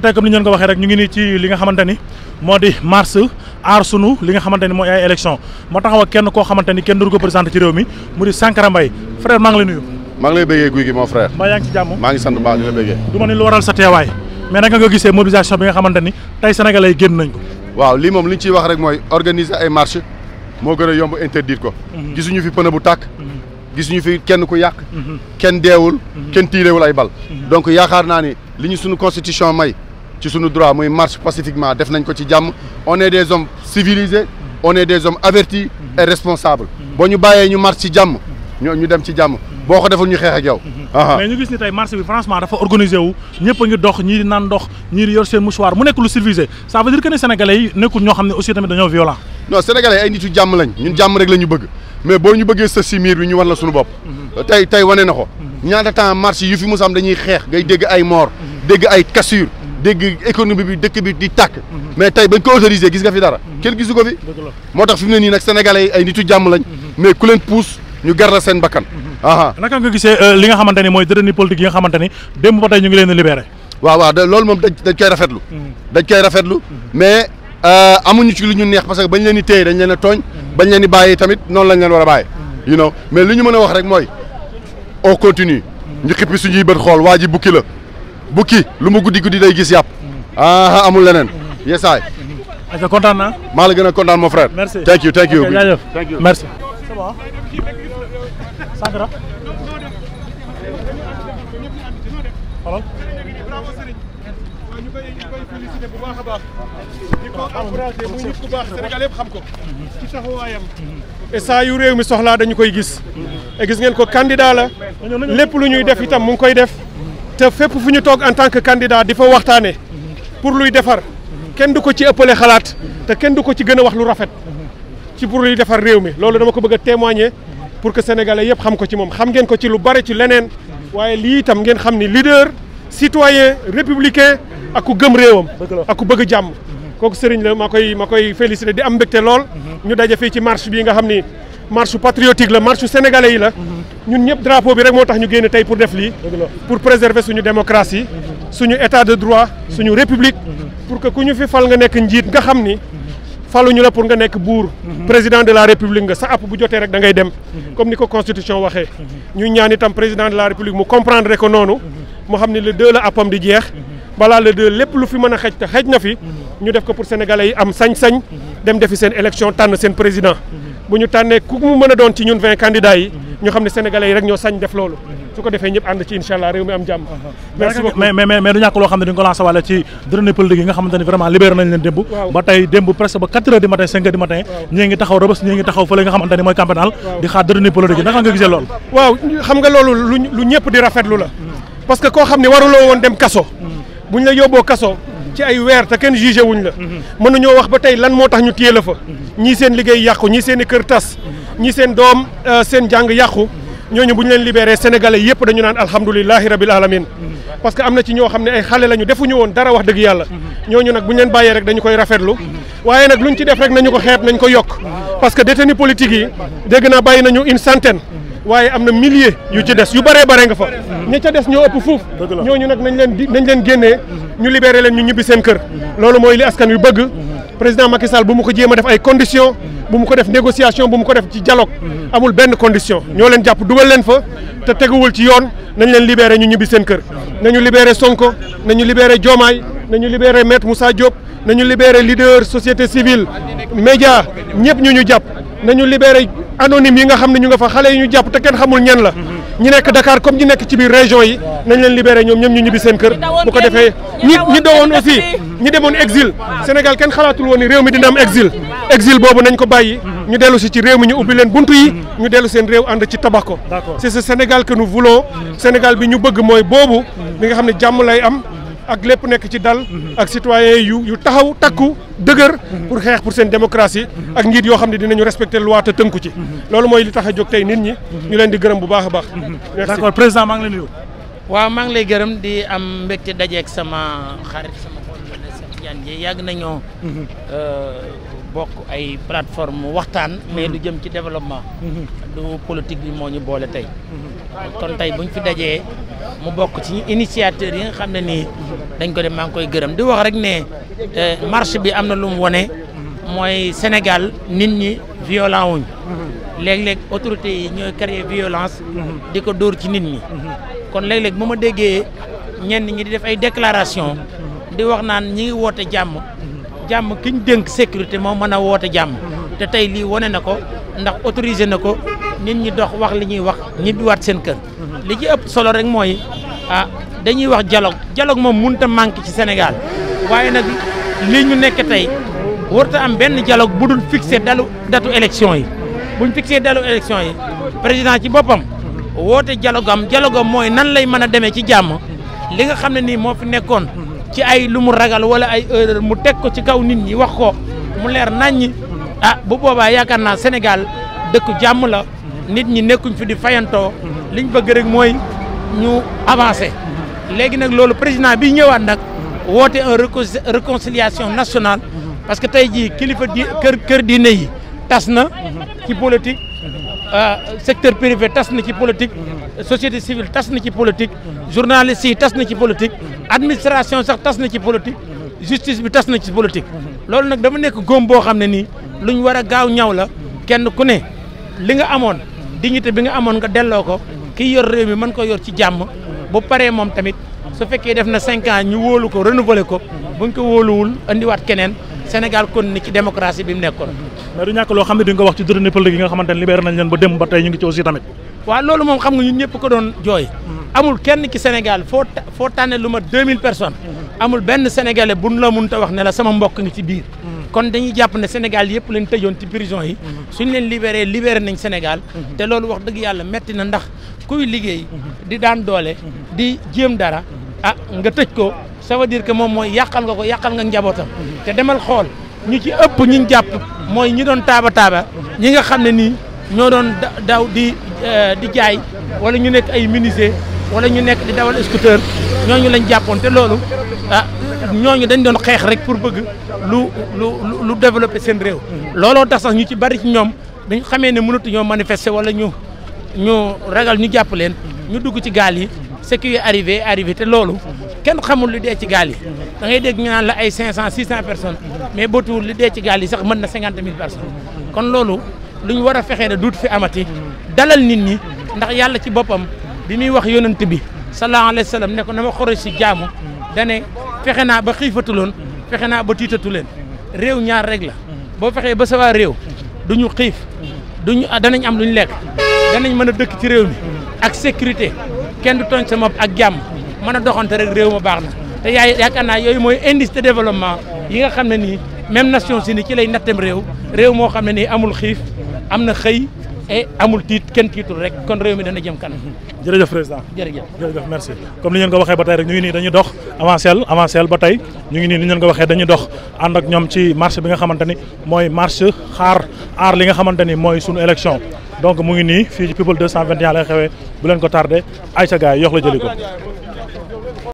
tey comme ni ñu ko waxee rek ñu ngi nii ci li nga xamante ni moo di mars aar sunu li nga xamante ni mooy ay élection moo taxaw ak kenn koo xamante ni kenn du ko présenté ci réew mi mu di Sankara frère maa ngi lay nuyu. maa ngi lay bëggee guy gi mon frère. mbaa yaa ngi ci jàmm maa ngi sant mbaa ni lu waral sa teewaay mais naka nga gisee mobilisation bi nga xamante tey sénégalais génn nañ ko. waaw lii moom li ñu ciy wax rek mooy organiser ay marche moo gën a yomb interdire ko. Mhm. gisuñu fi pneu bu tàkk. Mhm. gisuñu fi kenn ku yàq. Mhm. kenn deewul. kenn tiirewul ay bal. donc yaakaar naa ni li ñu suñu constitution may ci suñu droit muy marche pacifiquement def nañ ko ci jàmm on est des hommes civilisés on est des hommes avertis et responsables boo ñu bàyyee ñu marche ci jàmm ñoo ñu dem ci jàmm boo ko deful ñu xeex ak yow mais ñu gis ni tey marché bi franchement dafa organisé wu ñëpp a ngi dox ñii naan dox ñii di yor seen mouchoir mu nekk lu civilisé ça veut dire que ne sénégalais yi nekkul ñoo xam ne aussi tamit dañoo violent non sénégalais yi ay nit yu jàmm lañ ñu jàmm rek la ñu bëgg mais boo ñu bëggee sës si miir ñu war suñu bopp tey tey wane na ko ñaata temps marché yu fi mos am dañuy xeex ngay dégg ay mort dégg ay cassure dégg économie bi dëkk bi di tàkk mais tey bañ ko autorisé gis nga fi dara kenn gisu ko fi moo tax fi mu ne nii nag sénégalais ay nitu jàmm lañ mais ku leen puus ñu gar seen bakkan aa naka gisee euh, li nga xamante ni mooy détenu politique yi nga xamante ni démb ba tey ñu ngi leen libéré waaw waaw loolu moom dañ dañ koy rafetlu dañ koy rafetlu mais euh, amuñu ci lu ñu neex parce que bañ leen di téye dañ leen tooñ bañ leen di bàyyi tamit noonu la leen war a bàyyi you know mais li ñu mën a wax rek mooy on continue ñu xippi suñuy bët xool waa ji bukki la bukki lu mu guddi guddi day gis yàpp ah, ah amul leneen yesaay. est-ce maa la gën a kontaan mon a baax di xam ko ci yu réew mi soxlaa dañu koy gis et gis ngeen ko candidat la lépp lu ñuy def itam mu ngi koy def ca fépp fu ñu toog en tant que candidat di fa waxtaane pour luy defar kenn du ko ci ëppale xalaat te kenn du ko ci gën a wax lu rafet ci pour luy defar réew mi loolu dama ko bëgg a témoigner pour que sénégalais yëpp xam ko ci moom xam ngeen ko ci lu bare ci leneen waaye lii itam ngeen xam ni leader citoyen républicain ak ku gëm réewam ak ku bëgg jàmm kooku sëriñ la ma koy ma koy félicité di am mbégte lool mhm. ñu daje fii ci marche bii nga xam ni marche patriotique la marche sénégalais yi la mhm. ñun ñëpp drapeau bi rek moo tax ñu génn tey pour def lii pour préserver suñu démocratie suñu état de droit suñu république pour que ku ñu fi fal nga nekk njiit nga xam ni faluñu la pour nga nekk buur président de la république nga sa app bu jotee rek da ngay dem comme ni ko constitution waxee ñu ñaan itam président de la république mu comprendre ko noonu mu xam ne le deux la appam di jeex balaa le deux lépp lu fi mën a xej te xej na fi ñu def ko pour sénégalais yi am sañ-sañ dem defi seen élection tànn seen président bu ñu tànnee ku mu mën a doon ci ñun vingt candidats yi ñu xam ne sénégalais yi rek ñoo sañ def loolu su ko defee ñëpp ànd ci incha allah réew mi am jàmm uh-huh. merci beaucoup mais mais mais du ñàkk loo xam ne di nga ko lancé wàlle ci drone politique yi nga xamante ne vraiment libéré nañ leen démb ba tey démb presque ba 4 heures du matin 5 heures du matin ñii ngi taxaw rëbës ñii ngi taxaw fële nga xamante ne mooy campénal di xaar drone politique yi naka nga gisee loolu waaw xam nga loolu lu ñëpp di rafetlu la parce que koo xam ne waruloo woon dem kaso mm. buñ la yóbboo kaso ci ay weer te kenn jugé wuñ la mm-hmm. mënuñoo wax ba tey lan moo tax ñu téye la fa mm-hmm. ñii seen liggéey yàqu ñii seen i kër tas mm-hmm. ñi seen doom euh, seen jàng yàqu ñoo ñu bu ñu leen libéré sénégale yëpp dañu naan alhamdulilahi rabil alamin parce que am na ci ñoo xam ne ay xale lañu defuñu woon dara wax dëgg yàlla ñooñu nag bu ñu leen bàyyee rek dañu koy rafetlu waaye nag luñ ci def rek nañu ko xeeb nañ ko yokk parce que ni politique yi dégg naa bàyyi nañu une centaine waaye am na milliers yu ci des yu bëree bare nga fa ña ca des ñoo ëpp ñoo ñu nag nañu leen nañ leen génnee ñu libéré leen ñu ñibbi seen kër loolu mooy li askan wi bëgg président Macky Sall bu mu ko jéem a def ay conditions bu mu ko def négociation bu mu ko def ci dialogue mhm. amul benn condition ñoo leen jàpp dugal leen fa te teguwul ci yoon nañ leen libéré ñu ñibbi seen kër nañu libéré Sonko nañu libéré Diomaye nañu libéré maître Moussa Diop nañu libéré leader société civile média ñëpp ñu ñu jàpp nañu libéré anonyme yi nga xam ne ñu nga fa xale yi ñu jàpp te kenn xamul ñen la mhm. ñi nekk dakaar comme ñi nekk ci biir région yi nañ leen libéré ñoom ñoom ñu ñibbi seen kër bu ko defee ñi ñi dowoon aussi ñi demoon exil Sénégal kenn xalaatul woon ni réew mi dina am exil exil boobu nañ ko bàyyi ñu dellu si ci réew mi ñu ubbi leen buntu yi ñu dellu seen réew ànd ci tabax ko c'est ce Sénégal que nous Sénégal bi ñu bëgg mooy boobu bi nga xam ne jàmm lay am ak lépp nekk ci dal ak citoyen yu yu taxaw takku dëgër pour xeex pour seen démocratie ak njiit yoo xam ne dinañu respecté loi te tënku ci loolu mooy li tax a jóg tey nit ñi ñu leen di gërëm bu baax a baax d'accord président maa ngi lay nuyu waaw maa ngi lay gërëm di am mbégte dajeek sama xarit sama collègue sama jaan ji yàgg nañoo euh, bokk ay plateforme waxtaan mais du jëm ci développement mhm. du politique bi moo ñu boole tey kon tey buñ fi dajee mu bokk ci initiateur yi nga xam ne nii dañ ko dem maa ngi koy gërëm di wax rek ne euh, marche bi am na lu mu wone mooy Sénégal nit ñi violan wuñ léeg-léeg autorités yi ñooy créer violence di ko dóor ci nit ñi kon léeg-léeg bu ma déggee ñenn ñi di def ay déclaration di wax naan ñi ngi woote jàmm jàmm kiñ ñu dénk sécurité moo mën a woote jàmm te tey lii wone na ko ndax autorisé na ko nit ñi dox wax li ñuy wax waat seen kër. li ci ëpp solo rek mooy ah dañuy wax jaloog dialogue moom munta a manqué ci Sénégal waaye nag lii ñu nekk tey warut am benn dialogue bu dul fixé dalu datu élection yi buñ fixé dalu élection yi président ci boppam woote dialogue am mooy nan lay mën a demee ci jàmm li nga xam ne nii moo fi nekkoon ci ay lu mu ragal wala ay erreur mu teg ko ci kaw nit ñi wax ko mu leer naññi. ah bu boobaa yaakaar naa Sénégal dëkku jàmm la nit ñi nekkuñ fi di fayanto liñ bëgg rek mooy ñu avancer léegi nag loolu président bi ñëwaat nag woote un réconciliation nationale parce que tey jii kilifa di kër kër diine yi tas na ci politique euh, secteur privé tas na ci politique société civile tas na ci politique journaliste yi tas na ci politique administration sax tas na ci politique justice bi tas na ci politique loolu nag dama nekk gom boo xam ne nii lu ñu war a gaaw ñaw la kenn ku ne li nga amoon di dignité bi nga amoon nga delloo ko kii yor réew mi mën ko yor ci jàmm bu paree moom tamit su fekkee def na cinq ans ñu wóolu ko renouveler ko buñ ko wóoluwul andiwaat keneen Sénégal kon ni ci démocratie bi mu nekkoon. mais du ñàkk loo xam ne di nga wax ci dërëne politique yi nga xamante ne libéré nañ leen ba dem ba tey ñu ngi ci aussi tamit. waaw loolu moom xam nga ñun ñëpp ko doon jooy. Mm-hmm. amul kenn ci Sénégal foo foo tànne lu ma 2000 personnes. Mm-hmm. amul benn sénégalais buñ la mënta wax ne la sama mbokk ngi ci biir. kon dañuy jàpp ne Sénégal yëpp lañ tëjoon ci prison yi mhm. suñ leen libéré libéré nañ Sénégal mhm. te loolu wax dëgg yàlla metti na ndax kuy liggéey mhm. di daan doole di jéem dara ah nga tëj ko ça veut que moom mooy yàqal nga ko yàqal nga njabootam te demal xool ñu ci ëpp ñu jàpp mooy ñu doon taaba taaba ñi nga xam ne nii ñoo doon daw di eh, di jaay wala ñu nekk ay menuisier wala ñu nekk di dawal scooter ñooñu lañ jàppoon te loolu ah ñooñu dañ doon xeex rek pour bëgg lu lu lu développé seen réew. looloo tax sax ñu ci bari ci ñoom dañu xamee ne mënatu ñoo manifester wala ñu ñu ragal ñu jàpp leen. ñu dugg ci gaal yi. ce qui est te loolu kenn xamul li dee ci gaal yi da ngay dégg ñu la ay 500 600 personnes mais boo tuur li dee ci gaal yi sax mën na 50 000 personnes kon loolu lu ñu war fexee ne duut fi amati dalal nit ñi ndax yàlla ci boppam bi muy wax yonent bi sallallahu alayhi wa sallam ne ko na ma xoroy si jaamu dane naa ba xiifatuloon fexe naa ba tiitatu leen réew ñaar rek la boo fexee ba sa réew du ñu xiif duñu danañ am lu ñu lekk danañ mën a dëkk ci réew mi ak sécurité kenn du tooñ sa mopp ak jàmm mën a doxante rek réew ma baax na te yaay yaakaar naa yooyu mooy indice de développement yi nga xam ne nii même nation si ni ci lay nattem réew réew moo xam ne nii amul xiif am na xëy et amul tiit kenn tiitul rek kon réew mi dana jëm kanam. Mhm. jërëjëf président jërëjëf jërëjëf merci comme li ngeen ko waxee ba tey rek ñu ngi nii dañuy dox avancel avancel ba tey ñu ngi nii ni ngeen ko waxee dañuy dox ànd ak ñoom ci marche bi nga xamante ni mooy marche xaar aar li nga xamante ni mooy sunu élection donc mu ngi nii fii ci people 221 lay xewee bu leen ko tardé ay sa gars yi la jëli ko